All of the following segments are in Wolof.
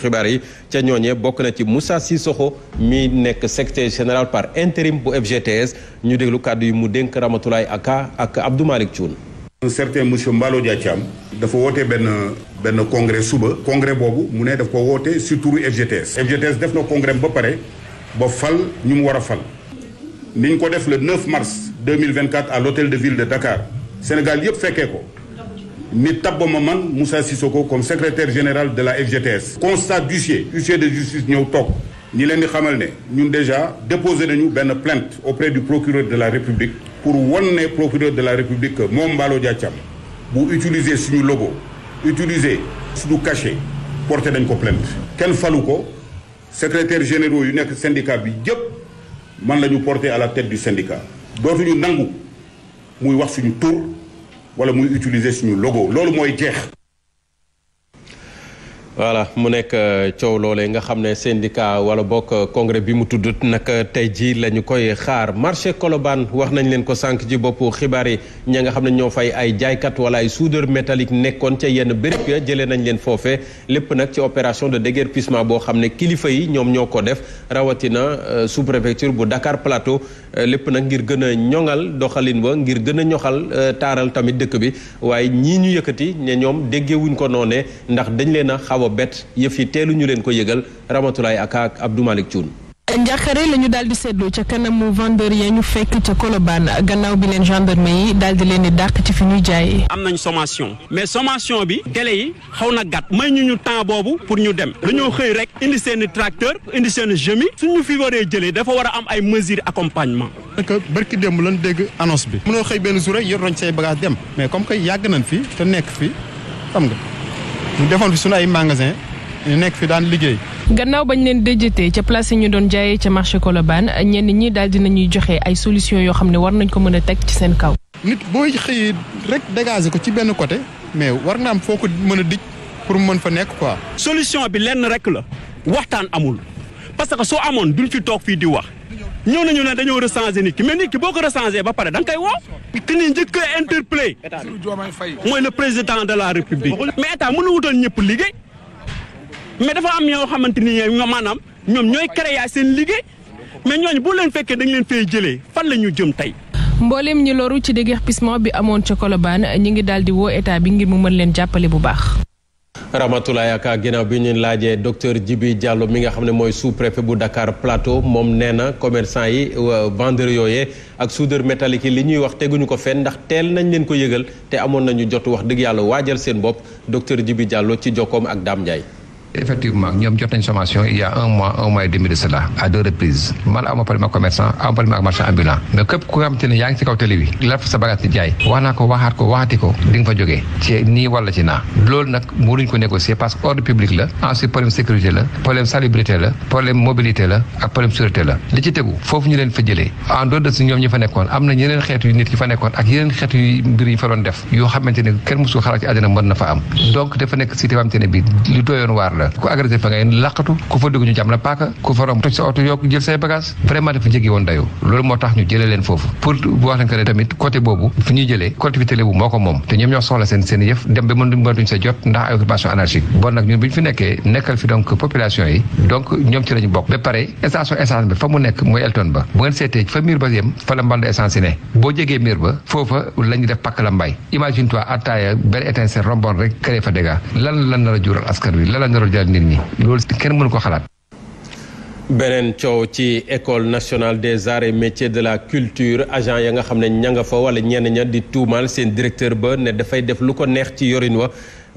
xibaar yi ca ñooñee bokk na ci Moussa Sissoko mi nekk secrétaire général par intérim bu FGTS ñu déglu kàddu yi mu dénk Ramatoulaye Aka ak Abdou Malick Thioune un certain monsieur Mballo Dia Thiam dafa woote benn benn congrès suba congrès boobu mu ne daf ko woote surtout FGTS FGTS def na congrès ba pare ba fal ñu mu war a fal niñ ko def le 9 mars 2024 à l'hôtel de ville de Dakar Sénégal yëpp fekkee ko ni tabba ma man Moussa Sissoko comme secrétaire général de la FGTS. constat d'huissier huissier de justice ñëw toog ñi leen di xamal ne ñun déjà déposé nañu benn plainte auprès du procureur de la République pour wan ne procureur de la République moom Mballo Dia Thiam bu utiliser suñu logo utiliser suñu cachet porté dañ ko plainte. kenn falu ko secrétaire généraux yu nekk syndicat bi jëpp man la ñu porté à la tête du syndicat dootuñu nangu muy wax suñu tur. wala muy utiliser suñu logo loolu mooy jeex. voilà mu nekk euh, coow loolee nga xam ne syndicat wala bokk euh, congrès bi mu tudd nag euh, tey jii la ñu koy xaar marché Colobane wax nañ leen ko sànq ci bopp xibaar yi ña nga xam ne ñoo fay ay jaaykat wala ay suudar métalique nekkoon ca yenn béréb ya jëlee nañ leen foofe lépp nag ci opération de déguerpissement boo xam ne kilifa yi ñoom ñoo ko def rawatina sous préfecture bu Dakar Plateau lépp nag ngir gën a ñoŋal doxalin wa ngir gën a ñoxal taaral tamit dëkk bi waaye ko noonee xaw a bett yëf yi teelu ñu leen ko yëgal Ramatoulaye Aka ak Abdou Malick Thioune njàqare la ñu daal di seetlu ca kanamu vendeur ya ñu fekk ca Colobane gannaaw bi leen gendarme yi daal di leen di dàq ci fi ñuy jaayee. am nañ sommation mais sommation bi délai yi xaw na gàtt may ñu ñu temps boobu pour ñu dem dañoo xëy rek indi seen i tracteur indi seen i jëmi suñu fi waree jëlee dafa war a am ay mesures accompagnement. parce que barki démb lan dégg annonce bi. mënoo xëy benn jour rek yor nañ say bagage dem mais comme mu defoon fi suñu ay magasin nekk fi daan liggéey. gannaaw bañ leen déjétee ca place yi ñu doon jaayee ca marché Colobane ñenn ñi daal dinañuy joxe ay solution yoo xam ne war nañ ko mën a teg ci seen kaw. nit booy xëy rek dégager ko ci benn côté mais war na am foo ko mën a dij pour mën fa nekk quoi. solution bi lenn rek la waxtaan amul parce que soo amoon lu fi toog fii di wax. ñëw nañu ne dañoo recenser nit ki mais nit ki boo ko recenser ba pare da nga koy woo. ki ni njëkk a interpellé mooy le président de la république. mais état mënu wutoon ñëpp liggéey mais dafa am yoo xamante ni ñoom maanaam ñoom ñooy créer seen liggéey mais ñooñu boo leen fekkee dañ leen fay jëlee fan la ñu jëm tey. mbooleem ñi loru ci déguerpissement bi amoon ca Colobane ñu ngi daal di woo état bi ngir mu mën leen jàppale bu baax. Ramatoulaye yaakaar ginaaw bi ñu laajee docteur Djibi Diallo mi nga xam ne mooy sous-préfet bu Dakar Plateau moom nee na commerçant yi euh, vendeur yooye ak soudeur métallique yi li ñuy wax teguñu ko fen ndax teel nañ leen ko yëgal te amoon nañu jot wax dëgg yàlla waajal seen bopp docteur Djibi Diallo ci jokkoom ak Dame Ndiaye effectivement ñoom jot nañ sommation il a un mois un mois et demi de à deux reprises man aw ma problème ak commerçant aw problème ak marchand ambulant mais képp ku nga xamante ne yaa ngi ci kaw télé bi la fa sa bagage di jaay wax naa ko waxaat ko waxati ko di fa jógee ci nii wala ci naa loolu nag mënuñ ko négocier parce que ordre public la ensuite problème sécurité la problème salubrité la problème mobilité la li ci tegu foofu ñu leen fa jëlee en dehors de fa nekkoon am na yeneen xeetu nit yi fa nekkoon ak yeneen xeetu yu def yoo xamante ne kenn mosul xalaat ci àddina mën na fa am donc dafa bi lu doyoon waar la ku agressé fa ngay làqatu ku fa dugg ñu jam la paaka ku fa toj sa oto yokk jël say bagage vraiment dafa jéggi woon dayo loolu moo tax ñu jëlee leen foofu pour wax lañu bokk ba yi fa dégâts lan la jural askan lan la nar jaay nit ko xalaat. beneen coow ci école nationale des arts métiers de la culture agent ya nga xam ne ña nga fa wala ñenn ña di tuumaal seen directeur ba ne dafay def lu ko neex ci yorin wa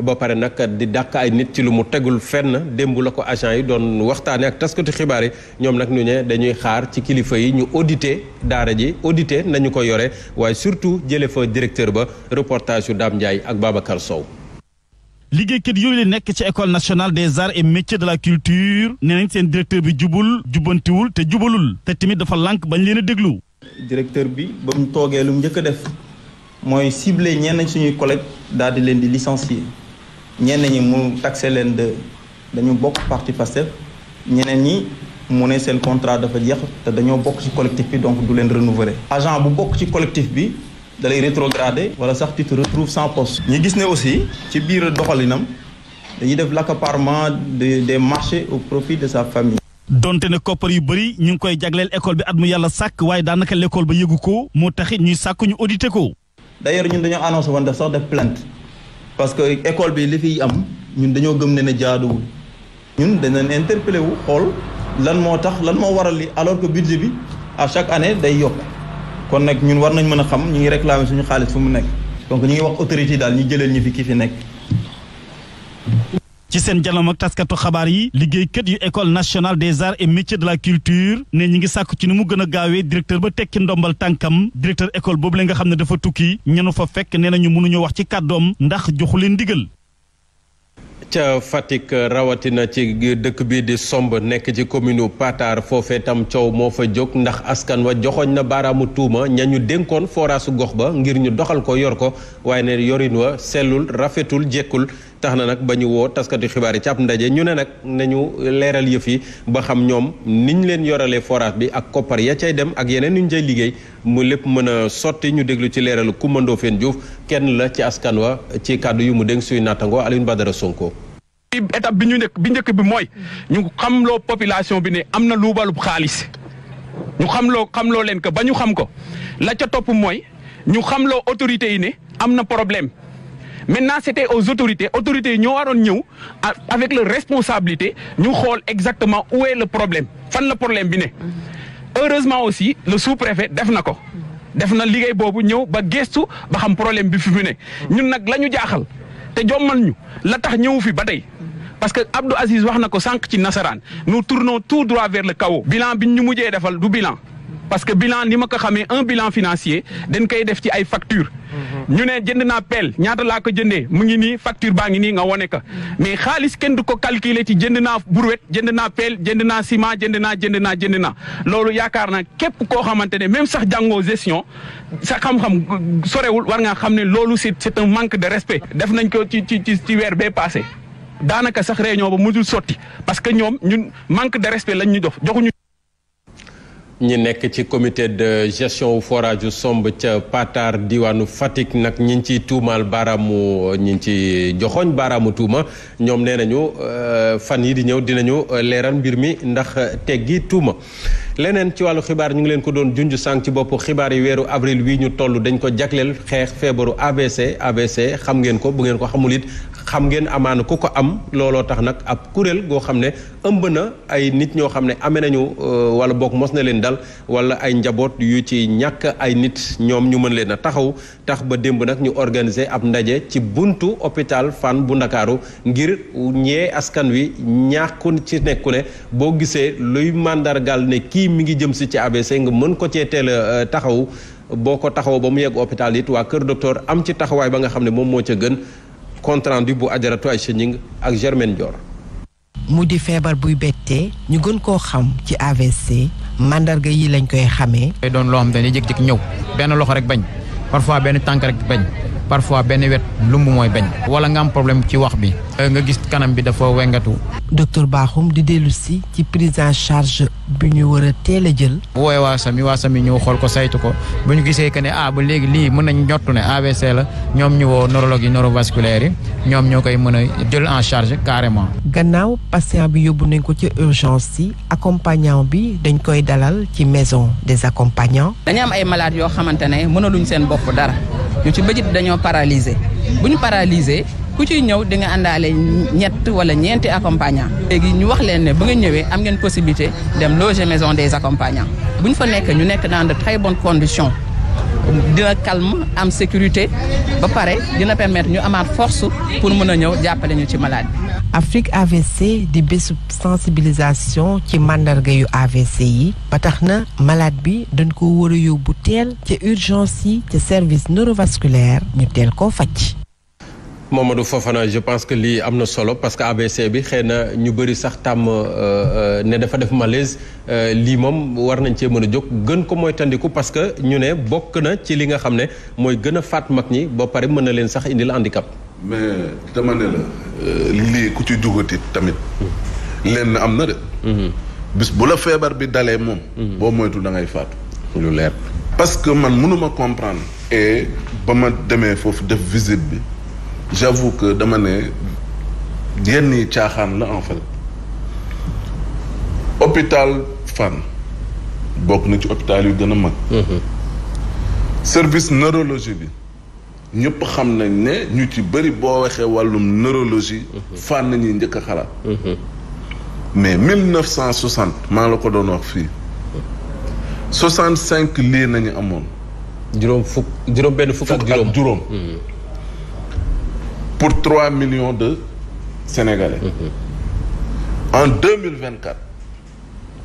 ba pare nag di dàq ay nit ci lu mu tegul fenn démb la ko agent yi doon waxtaanee ak taskati xibaar yi ñoom nag ñu ne dañuy xaar ci kilifa yi ñu audité daara ji audité nañu ko yore waaye surtout jële fa directeur ba reportage yu Dame Ndiaye ak Babacar Sow. liggéey liggéeykat yooyu la nekk ci école nationale des arts et métiers de la culture nee nañ seen directeur bi jubul jubbantiwul te jubalul te tamit dafa lànk bañ leen déglu. directeur bi ba mu toogee lu mu njëkk a def mooy cible cibler ñenn suñuy collègues daal di leen di licencier ñenn ñi mu taxé leen de dañu bokk parti Pastef ñeneen ñi. mu ne seen contrat dafa jeex te dañoo bokk ci collectif bi donc du leen renouveler agent bu bokk ci collectif bi da lay rétrogradé wala sax tu te retrouves sans poste. ñu gis ne aussi ci biir doxalinam dañuy def l'accaparement de des marchés au profit de sa famille. donte ne koppar yu bëri ñu ngi koy jagleel école bi at mu yàlla sàkk waaye daanaka lekkool ba yëgu ko moo taxit ñuy sàkk ñu audité ko. d'ailleurs ñun dañoo annoncé woon def sax def plainte parce que école bi li fiy am ñun dañoo gëm ne ne jaaduwul ñun danañ interpellé wu xool lan moo tax lan moo waral li alors que budget bi à chaque année day yokk. kon nag ñun war nañ mën a xam ñu ngi réclamer suñu xaalis fu mu nekk donc ñu ngi wax autorité yi daal ñu jëleel ñi fi ki fi nekk. ci seen jàllam ak taskatu xabaar yi liggéey liggéeykat yu école nationale des arts et métiers de la culture ne ñi ngi sàkku ci ni mu gën a gaawee directeur ba tekki ndombal tànkam directeur école boobu la nga xam ne dafa tukki ñenu fa fekk nee nañu mënuñu wax ci kàddoom ndax joxu leen ndigal. ca Fatick rawatina ci dëkk bi di Somb nekk ci commune Patar foofee tam coow moo fa jóg ndax askan wa joxoñ na baaraamu tuuma ña ñu dénkoon foraasu gox ba ngir ñu doxal ko yor ko waaye ne yorin wa sellul rafetul jekkul tax na nag ba ñu woo taskati xibaar yi ci ndaje ñu ne nag nañu leeral yëf ba xam ñoom niñ leen yoralee forage bi ak koppar ya cay dem ak yeneen ñu cay liggéey mu lépp mën a sotti ñu déglu ci leeralu Coumba Ndoffène Diouf kenn la ci askan wa ci kàddu yu mu dénk suy nattangoo Alioune Badara Sonko. étape bi ñu njëkk bi njëkk bi mooy ñu xamloo population bi ne am na luubalub xaalis ñu xamloo xamloo leen ko ba ñu xam ko la ca topp mooy ñu xamloo autorité yi ne am na maintenant c'était aux autorités autorités yi ñoo waroon ñëw avec leur responsabilité ñu xool exactement où est le problème fan la problème bi ne heureusement aussi le sous-préfet def na ko def na liggéey boobu ñëw ba gestu ba xam problème bi fi mu ne ñun nag la ñu jaaxal te jommal ñu la tax ñëwu fi ba tey parce que Abdou Aziz wax na ko sànq ci nasaraan nous tournons tout droit vers le chaos bilan bi ñu mujjee defal du bilan parce que bilan ni ma ko xamee un bilan financier dañ koy def ci ay facture mhm. ñu ne jënd naa peel ñaata laa ko jëndee mu ngi nii facture baa ngi nii nga wone ko mhm. mais xaalis kenn du ko calculer ci jënd naa brouette jënd naa peel jënd na ciment jënd naa jënd naa jënd naa loolu yaakaar naa képp ko xamante ne même sax jàngoo gestion sa xam-xam sorewul war nga xam ne loolu c'est c'est un manque de respect def nañ ko ci ci ci weer bee passé daanaka sax réunion ba mujul sotti parce que ñoom ñun manque de respect lañ ñu jox joxuñu ñi nekk ci comité de gestion forage somb ca Patar diwaanu Fatick nag ñi ngi ciy tuumaal baaraamu ñi ngi ci joxoñ baaraamu tuuma ñoom nee nañu euh, fan yi di ñëw dinañu euh, leeral mbir mi ndax euh, teggi tuuma leneen ci wàllu xibaar ñu ngi leen ko doon junj sànq ci boppu xibaar yi weeru avril wii ñu toll dañ ko jagleel xeex feebaru ABC ABC xam ngeen ko bu ngeen ko xamul it xam ngeen amaana ku ko am looloo tax nag ab kuréel goo xam ne ëmb na ay nit ñoo xam ne amee nañu euh, wala boog mos na leen dal wala ay njaboot yu ci ñàkk ay nit ñoom ñu mën leen a taxaw tax ba démb nag ñu organiser ab ndaje ci buntu hôpital Fann bu Ndakaaru ngir ñee askan wi ñaaxku ci nekku ne boo gisee luy màndargal ne kii mu ngi jëm si ci ABC nga mën ko cee teel a euh, taxaw boo ko taxaw ba mu yegg hôpital it waa kër docteur am ci taxawaay ba nga xam ne moom moo ca gën compte rendu bu ajaratu Aïcha Gning ak Germaine Dior. mu di feebar buy bettee ñu gën koo xam ci AVC mandarga yi lañ koy xamee. doon loo xam te ne jékki ñëw benn loxo rek bañ parfois benn tànk rek bañ. parfois benn wet lumb mooy bañ wala nga am problème ci wax bi nga gis kanam bi dafa wengatu docteur baaxum di dellusi ci prise en charge bi ñu war a teel a jël woowee waa sami waa sami ñëw xool ko saytu ko bu ñu gisee que ne ah ba léegi lii mën nañ ñottu ne AVC la ñoom ñu woo neurologue yi neurovasculaire yi ñoom ñoo koy mën a jël en charge carrément gannaaw patient bi yóbbu nañ ko ci urgence yi accompagnant bi dañ koy dalal ci maison des accompagnants dañu am ay malades yoo xamante ne mënaluñ seen bopp dara ñu ci bëjit dañoo paralysé bu ñu paralysé ku ciy ñëw di nga àndaale ñett wala ñeenti accompagnant léegi ñu wax leen ne ba nga ñëwee am ngeen possibilité dem loger maison des accompagnants bu ñu fa nekk ñu nekk dans de très bonnes conditions dina calme am sécurité ba pare dina permettre ñu amaat force pour mën a ñëw jàppale ñu ci malade bi. Afrique AVC di bésu sensibilisation ci màndarga yu AVC yi ba tax na malade bi dañ ko war a yóbbu teel ca urgence yi ca service neurovasculaire ñu teel koo faj. Mamadou Fofana je pense que lii am na solo parce que ABC bi xeena ñu bari sax tàmm euh, euh, ne dafa def malaise euh, lii moom war nañ cee mën a jóg gën ko moytandiku tandiku parce que ñu ne bokk na ci li nga xam ne mooy gën a faat mag ñi ba pare mën na leen sax indil handicap. mais dama ne la lii ku ci dugati tamit. lenn am na de. Mhm. bu la feebar bi dalee moom. Mhm. boo moytu da ngay faatu. lu leer parce que man mënuma comprendre. et ba ma demee foofu def visite bi. j'avoue que dama ne yenn yi caaxaan la en fait hôpital Fann bokk na ci hôpital yu gën mag. Mhm. service neurologie bi ñëpp xam nañ ne ñu ci bëri boo waxee wàllum neurologie. Mhm. Fann ñuy njëkk a xalaat. Mhm. mais mille neuf cent soixante la ko doon wax fii soixante cinq lii nañu amoon. juróom fukk juróom benn fukk ak juróom. pour trois millions de Sénégalais. Mm-hmm. en deux mille vingt quatre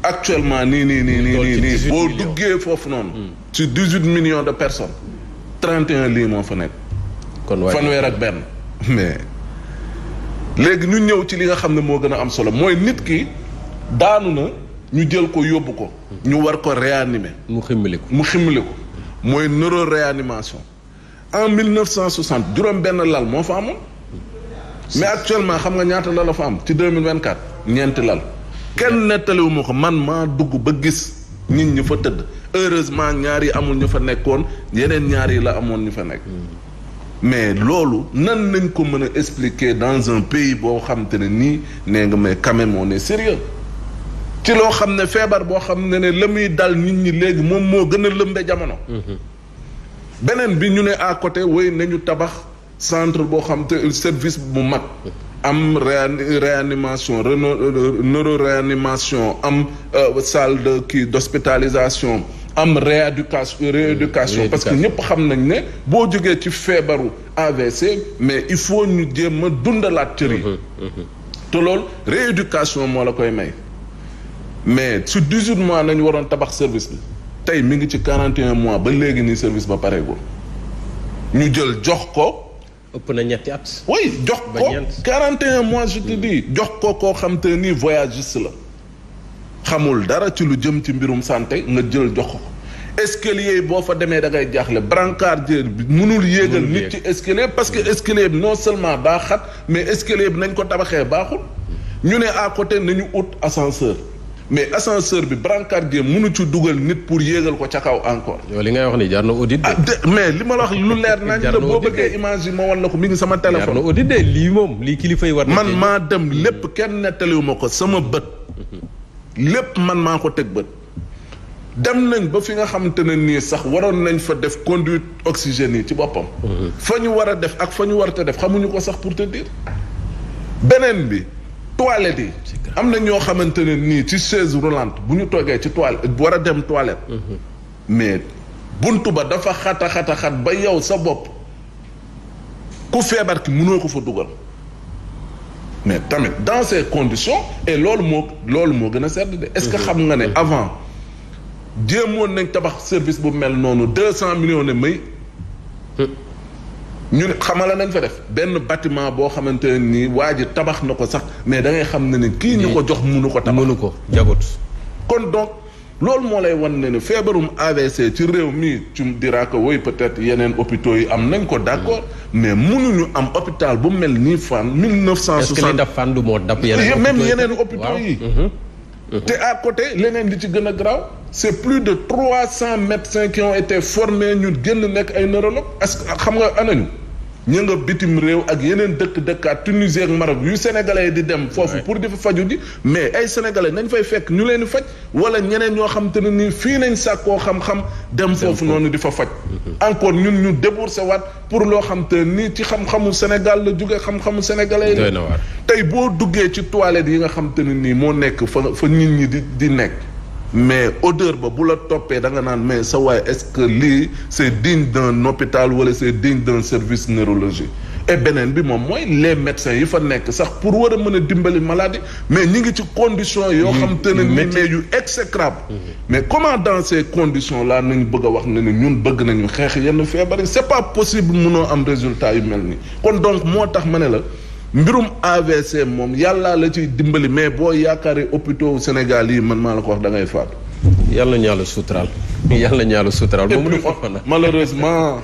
actuellement nii nii nii nii nii boo duggee foofu noonu. Mm. ci dix huit millions de personnes. trente et lii moo fa nekk. kon fanweer ak benn mais. léegi ñu ñëw ci li nga xam ne moo gën a am solo mooy nit ki daanu na ñu jël ko yóbbu ko. ñu war ko réanime mu ximmili ko mu ximmili ko mooy neuro réanimation. en mille neuf cent soixante juróom benn lal moo fa amoon mais actuellement xam nga ñaata lal fa am ci deux vingt quatre ñeenti lal kenn nettaliwu ma ko man maa dugg ba gis nit ñu fa tëdd heureusement ñaar yi amul ñu fa nekkoon yeneen ñaar la amoon ñu fa nekk mais loolu nan nañ ko mën a expliquer dans un pays boo xam ne nii nee nga may quand moo ne est sérieux ci loo xam ne feebar boo xam ne ne la muy dal nit ñi léegi moom moo gën a lëmbe jamono mm-hmm. beneen bi ñu ne à côté woy nañu tabax centre boo xam te service bu mag am réanimation neuro réanimation am euh, salle de kii d'hospitalisation am rééducation rééducation parce que ñëpp xam nañ ne boo jógee ci feebaru AVC mais il faut ñu jéem a dundalaat cër yi te loolu rééducation moo la koy may mais su 18 mois nañu waroon tabax service bi tey mu ngi ci 41 mois ba léegi nii service ba pareegul ñu jël jox ko. ëpp na ñetti at. oui jox ko 41 mois je te dis jox ko koo xam te ni voyagiste la. xamul dara ci lu jëm ci mbirum santé nga jël jox ko escalier boo fa demee da ngay jaaxle brancardier bi mënul yéegal nit ci escalier parce que escalier bi non seulement daa xat mais escalier bi nañ ko tabaxee baaxul. Mm. ñu ne à côté nañu ut ascenseur. mais ascenseur bi brancardier mënu ci dugal nit pour yéegal ko ca kaw encore. yow li ngay wax ni jar na audit ah, mais li ma la wax lu leer nañ la boo bëggee image yi ma wan la ko mi ngi sama téléphone. jar na audit de lii moom lii kilifa war man maa dem lépp kenn nettaliwu ma ko sama bët. lépp man maa ko teg bët. dem nañ ba fi nga xamante ne nii sax waroon nañ fa def conduite oxygène yi ci boppam. Mhm. fa ñu war a def ak fa ñu war a def xamuñu ko sax pour te dire. bi. toilette yi. am na ñoo xamante ne nii ci chaise roulante bu ñu toogee ci toilette war a dem toilette. Mm-hmm. mais buntu ba dafa xata xata xat ba yow sa bopp ku feebar ki mënoo ko fa dugal. mais tamit dans ces condition et loolu moo loolu moo gën a sedd de. est-ce que mm-hmm. xam nga ne mm-hmm. avant jéemoon nañ tabax service bu mel noonu deux cent millions ne may. ñu ñun xamala nañ fa def benn batiment boo xamante ne nii waa ji tabax na ko sax mais da ngay xam ne ni kii ñu ko jox munu ko tabax munu ko jagut kon donc loolu moo lay wan ne ne feebarum AVC ci réew mii ci dira ko woy peut-être yeneen hôpitaux yi am nañ ko d'accord mm. mais mënuñu am hôpital bu mel nii Fann mille neuf cent soixante est-ce que li dab du moo dab yeneen même yeneen hôpitaux yi mm-hmm. Mm-hmm. te à côté leneen li ci gën a graaw c'est plus de trois cents médecins cinq ont été formés ñu génn nekk ay neurologues est-ce que xam nga anañu ñu nga bitim réew ak yeneen dëkk dëkkaat Tunisie ak Maroc yu sénégalais di dem foofu pour di fa faju ji mais ay sénégalais nañ fay fekk ñu leen di faj wala ñeneen ñoo xam te ne nii fii nañ sàkkoo xam-xam dem foofu noonu di fa faj encore ñun ñu déboursé waat pour loo xam te nii ci xam-xamu Sénégal la jóge xam-xamu sénégalais la tey boo duggee ci toilette yi nga xam te ne nii moo nekk fa fa nit ñi di di nekk mais odeur ba bu la toppee da nga naan mais sa waay est-ce que lii c'est digne d'un hôpital wala c'est digne d'un service neurologique et beneen bi moom mooy les médecins yi fa nekk sax pour war a mën a dimbali maladie mais ñi ngi ci condition yoo xam te ne ni mais yu exécrable mmh. mais comment dans condition conditions là nañu bëgg a wax ne ni ñun bëgg nañu xeex yenn feebar yi c'est pas possible mënoo am résultat yu mel nii kon donc moo tax ma ne la mbirum AVC moom yàllaa la ciy dimbali mais boo yaakaaree hôpitaux Sénégal yi man maa la ko wax da ngay faatu. yàlla ñu yàlla suturaal yàlla ñu yàlla suturaal. malheureusement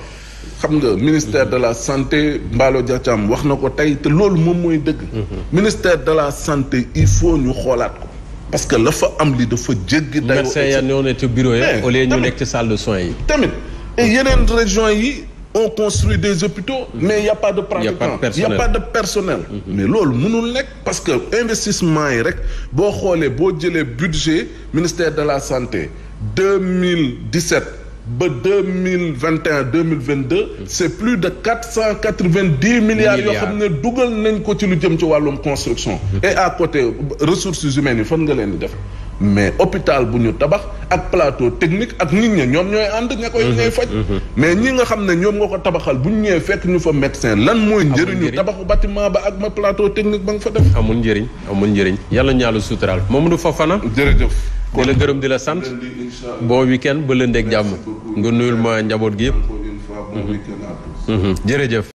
xam nga ministère de la santé mbaalo Dia wax na ko tey te loolu moom mooy dëgg. Mhm. ministère de la santé il faut ñu xoolaat ko. parce que la fa am li dafa jéggi. dayoo médecin ya ñoo ne ci bureau yi eh, au lieu ñu nekk ci salle de yi. tamit yeneen région yi. on construit des hôpitaux. Mhm. mais y' a pas de pratiquant y' a pas de personnel. Mhm. mais loolu mënul nekk parce que investissement yi rek boo xoolee boo jëlee budget ministère de la santé 2017 ba 2021 2022. c' est plus de 490 milliards yoo xam ne dugal nañ ko ci lu jëm ci wàllum construction. Mhm. et à côté ressources humaines yi fan nga leen di def. mais hôpital bu ñu tabax ak plateau technique ak nit ña ñoom ñooy ànd ña koy ñooy faj mhm, mhm. mais ñi nga xam ne ñoom nga ko tabaxal bu ñu ñëwee fekk ñu fa médecin lan mooy njëriñu tabaxu bâtiment ba ak ma plateau technique ba nga fa def amul njëriñ amul njëriñ yàlla ñaalu sutural Mamadou Fofana jërëjëf di la gërëm di la sant boo week-end ba lëndeeg jàmm nga nuyul ma njaboot gi yëpp mhm, jërëjëf